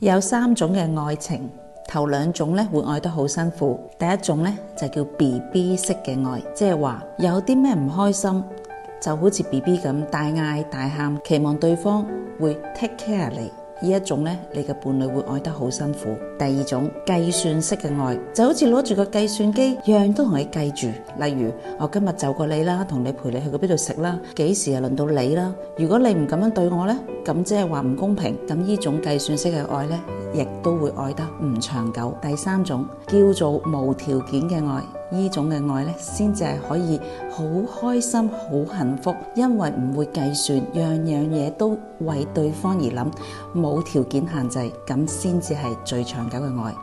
有三種嘅愛情，頭兩種呢會愛得好辛苦。第一種呢就叫 BB 式嘅愛，即係話有啲咩唔開心，就好似 BB 咁大嗌大喊，大喊大，期望對方會 take care 你。呢一種呢，你嘅伴侶會愛得好辛苦。第二種計算式嘅愛，就好似攞住個計算機，樣樣都同你計住。例如，我今日就過你啦，同你陪你去嗰邊度食啦，幾時又輪到你啦？如果你唔咁樣對我呢，咁即係話唔公平。咁呢種計算式嘅愛呢，亦都會愛得唔長久。第三種叫做無條件嘅愛。呢種嘅愛咧，先至係可以好開心、好幸福，因為唔會計算，樣樣嘢都為對方而諗，冇條件限制，咁先至係最長久嘅愛。